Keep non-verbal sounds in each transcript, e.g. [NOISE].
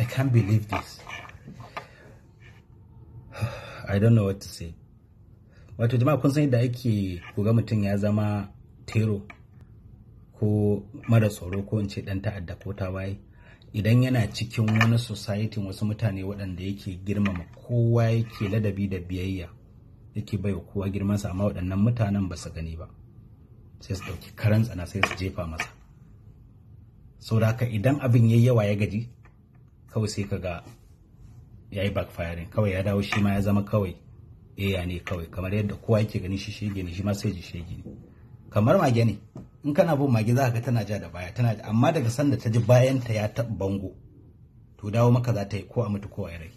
I can't believe this. [SIGHS] I don't know what to say. Wato jama'a kun san yadda ake kuga mutum ya zama tero ko mara tsoro ko in ce dan ta'adda ko tawaye idan yana cikin wani society wasu mutane waɗanda yake girmama kowa yake ladabi da biyayya yake bai wa kowa girmansa amma waɗannan mutanen ba su gani ba sai su ɗauki karan sai su jefa masa Sau da haka idan abin yayi yawa ya gaji kawai sai ka ga ya yi backfiring kawai ya dawo shi ma ya zama kawai eya ne kawai kamar yadda kowa yake ganin shi shege ne shi ma sai ji shege ne kamar mage ne in kana bin mage za ka ga tana ja da baya tana amma daga sanda ta ji bayan ta ya taɓa bango to dawo maka za ta yi ko a mutu ko a rai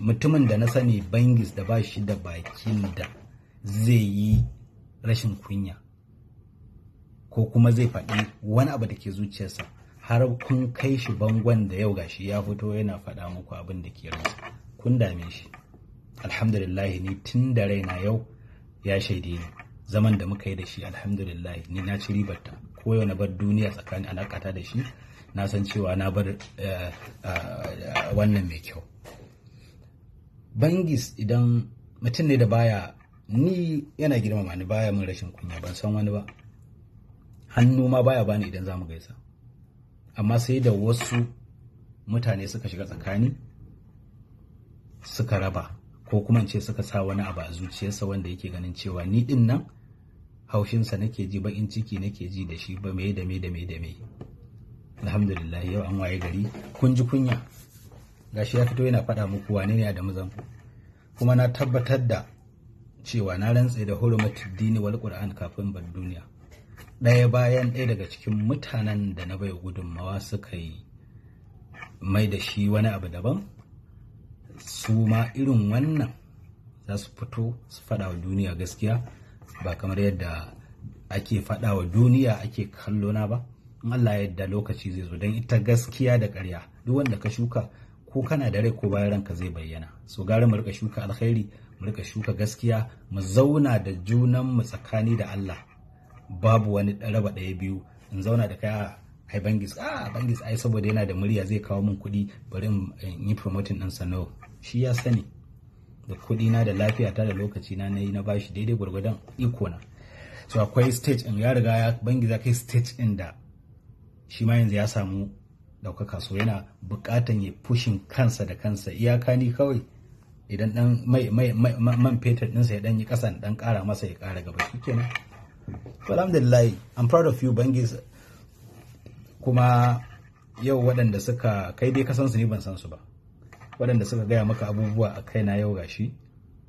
mutumin da na sani bangis da ba shi da bakin da zai yi rashin kunya ko kuma zai faɗi wani abu da ke zuciyarsa har kun kai shi bangon da yau gashi ya fito yana faɗa muku abin da ke ransa kun dame shi alhamdulillah ni tun da raina yau ya shaide ni zaman da muka yi da shi alhamdulillah ni na ci ta ko yau na bar duniya tsakanin alakata da shi na san cewa na bar eh, eh, wannan mai kyau bangis idan mutum ne da baya ni yana girmama ni baya min rashin kunya ban san wani ba hannu ma baya bani idan za mu gaisa amma sai da wasu mutane suka shiga tsakani suka raba ko kuma ce suka sa wani abu a zuciyarsa wanda yake ganin cewa ni din nan haushinsa nake ji bakin ciki nake ji da shi ba mai da mai da mai da mai. alhamdulillah yau an waye gari kun ji kunya gashi ya fito yana faɗa muku wane ne da kuma na tabbatar da cewa na rantse da hurumatuddini dini wal qur'an kafin bar duniya ɗaya bayan ɗaya daga cikin mutanen da na bai gudunmawa suka yi mai da shi wani abu daban su ma irin wannan za su fito su faɗa wa duniya gaskiya ba kamar yadda ake faɗa wa duniya ake kallona ba in Allah yadda lokaci zai zo don ita gaskiya da ƙarya duk wanda ka shuka ko kana da rai ko bayan ranka zai bayyana so gara mu rika shuka alkhairi mu rika shuka gaskiya mu zauna da junan mu tsakani da Allah babu wani raba ɗaya biyu in zauna da kai a ah, bangis a ah, bangis ai saboda yana da murya zai kawo min kuɗi bari in yi promoting ɗin sana'o shi ya sani da kuɗi na da lafiya ta da lokaci na na yi na bashi daidai gwargwadon iko na so akwai stage in ya riga ya bangiza kai stage in da shi ma yanzu ya samu ɗaukaka so yana buƙatan ya fushin kansa da kansa iyaka ni kawai idan dan mai mai man fetur ɗinsa ya ɗan yi ƙasa ɗan ƙara masa ya ƙara gaba shikenan alhamdulillah i'm proud of you bangis kuma yau waɗanda suka kai dai kasan su ne ban san su ba waɗanda suka gaya maka abubuwa a kai na yau gashi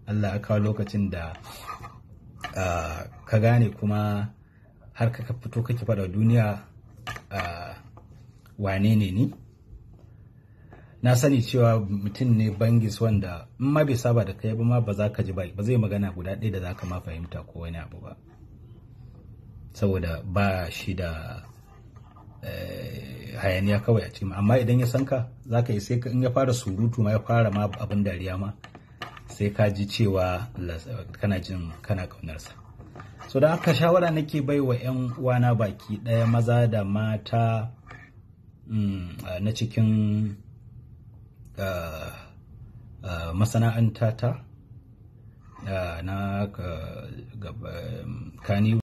allah ya kawo lokacin da ka gane kuma har ka fito kake faɗa duniya wane ne ni na sani cewa mutum ne bangis wanda in ma bai saba da kai ba ma ba za ka ji ba zai magana guda ɗaya da za ka ma fahimta ko wani abu ba saboda ba shi da eh, hayaniya kawai a cikin amma idan ya san ka za ka yi sai in ya fara surutu ma ya fara ma abin dariya ma sai ka ji cewa kana jin kana kaunarsa so da haka shawara nake bai wa 'yan uwana baki ɗaya maza da mata mm, na cikin eh, eh, masana'anta ta na kani